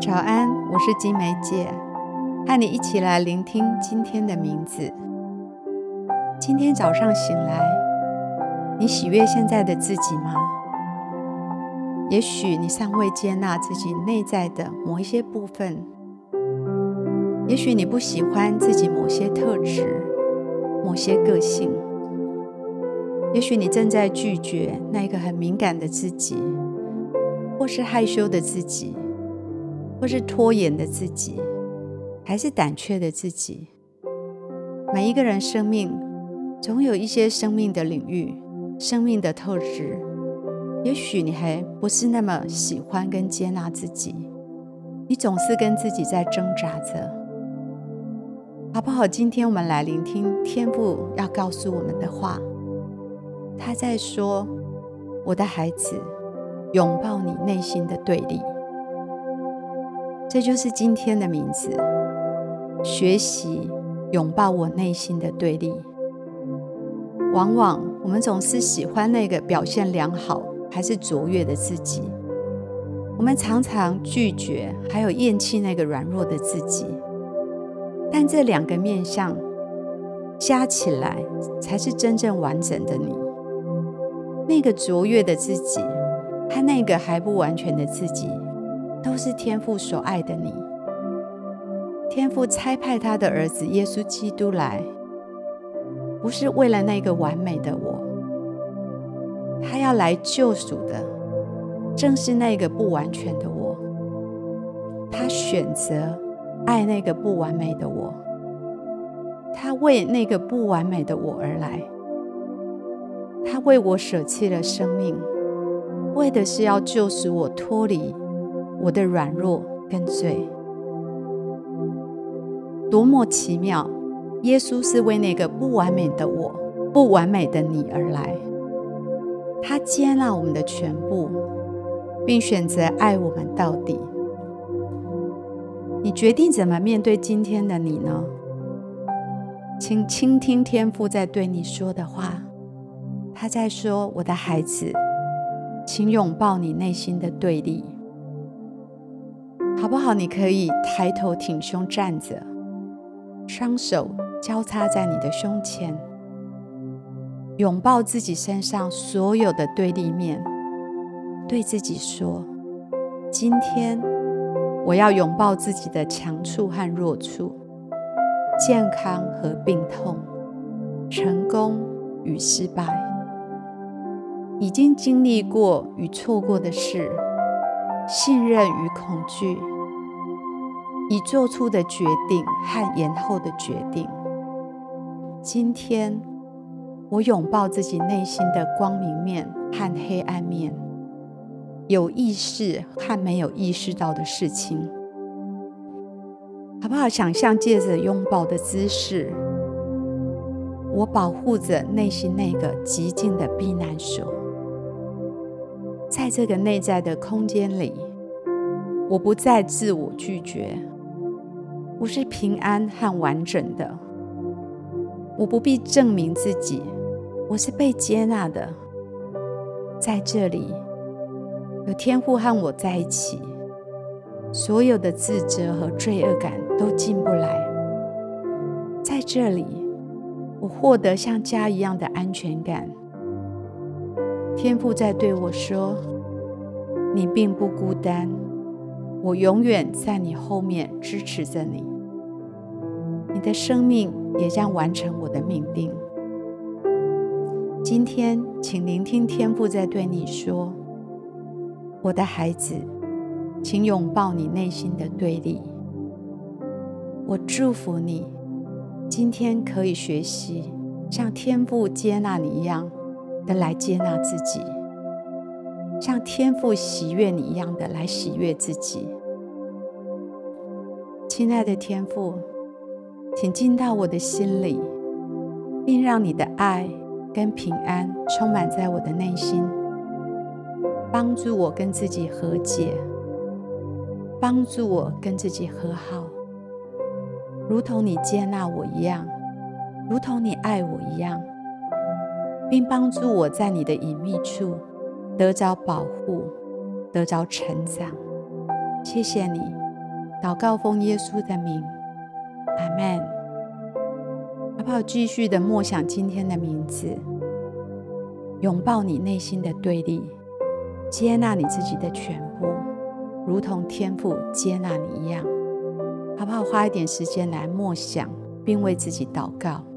早安，我是晶玫姊，和你一起來聆聽今天的名字。今天早上醒來，你喜悅現在的自己嗎？也許你尚未接納自己內在的某一些部分，也許你不喜歡自己某些特質、某些個性，也許你正在拒絕那一個很敏感的自己，或是害羞的自己。或是拖延的自己，還是膽怯的自己？每一個人生命，總有一些生命的領域、生命的特質。也許你還不是那麼喜歡跟接納自己，你總是跟自己在掙扎着，好不好？今天我們來聆聽天父要告訴我們的話，他在說：“我的孩子，擁抱你內心的對立。”這就是今天的名字，學習擁抱我內心的對立。往往我們總是喜歡那個表現良好還是卓越的自己，我們常常拒絕還有厭棄那個軟弱的自己。但這兩個面向加起來，才是真正完整的你。那個卓越的自己，和那個還不完全的自己。都是天父所愛的你。天父差派他的兒子耶穌基督來，不是為了那個完美的我，他要來救贖的正是那個不完全的我。他選擇愛那個不完美的我，他為那個不完美的我而來，他為我舍棄了生命，為的是要救贖我脫離。我的軟弱跟罪，多麼奇妙！耶穌是為那個不完美的我、不完美的你而來，他接納我們的全部，並選擇愛我們到底。你決定怎麼面對今天的你呢？請傾聽天父在對你說的話，他在說：“我的孩子，請擁抱你內心的對立。”好不好？你可以抬頭挺胸站着，雙手交叉在你的胸前，擁抱自己身上所有的對立面，對自己說：“今天我要擁抱自己的強處和弱處，健康和病痛，成功與失敗，已經經歷過與錯過的事。”信任與恐懼，已做出的決定和延後的決定。今天，我擁抱自己內心的光明面和黑暗面，有意識和沒有意識到的事情。好不好？想象借着擁抱的姿勢，我保護着內心那個極靜的避難所。在這個內在的空間裡，我不再自我拒絕，我是平安和完整的，我不必證明自己，我是被接納的。在這裡，有天父和我在一起，所有的自責和罪惡感都進不來。在這裡，我獲得像家一樣的安全感。天父在對我說：“你並不孤單，我永遠在你後面支持着你。你的生命也將完成我的命定。”今天，請聆聽天父在對你說：“我的孩子，請擁抱你內心的對立。”我祝福你，今天可以學習像天父接納你一樣。來接納自己，像天父喜悅你一樣的來喜悅自己。親愛的天父，請進到我的心裡，並讓你的愛跟平安充滿在我的內心，幫助我跟自己和解，幫助我跟自己和好，如同你接納我一樣，如同你愛我一樣，並幫助我在你的隱秘處得着保護，得着成長。謝謝你，禱告奉耶穌的名，阿門。好不好？繼續的默想今天的名字，擁抱你內心的對立，接納你自己的全部，如同天父接納你一樣。好不好？花一點時間來默想，並為自己禱告。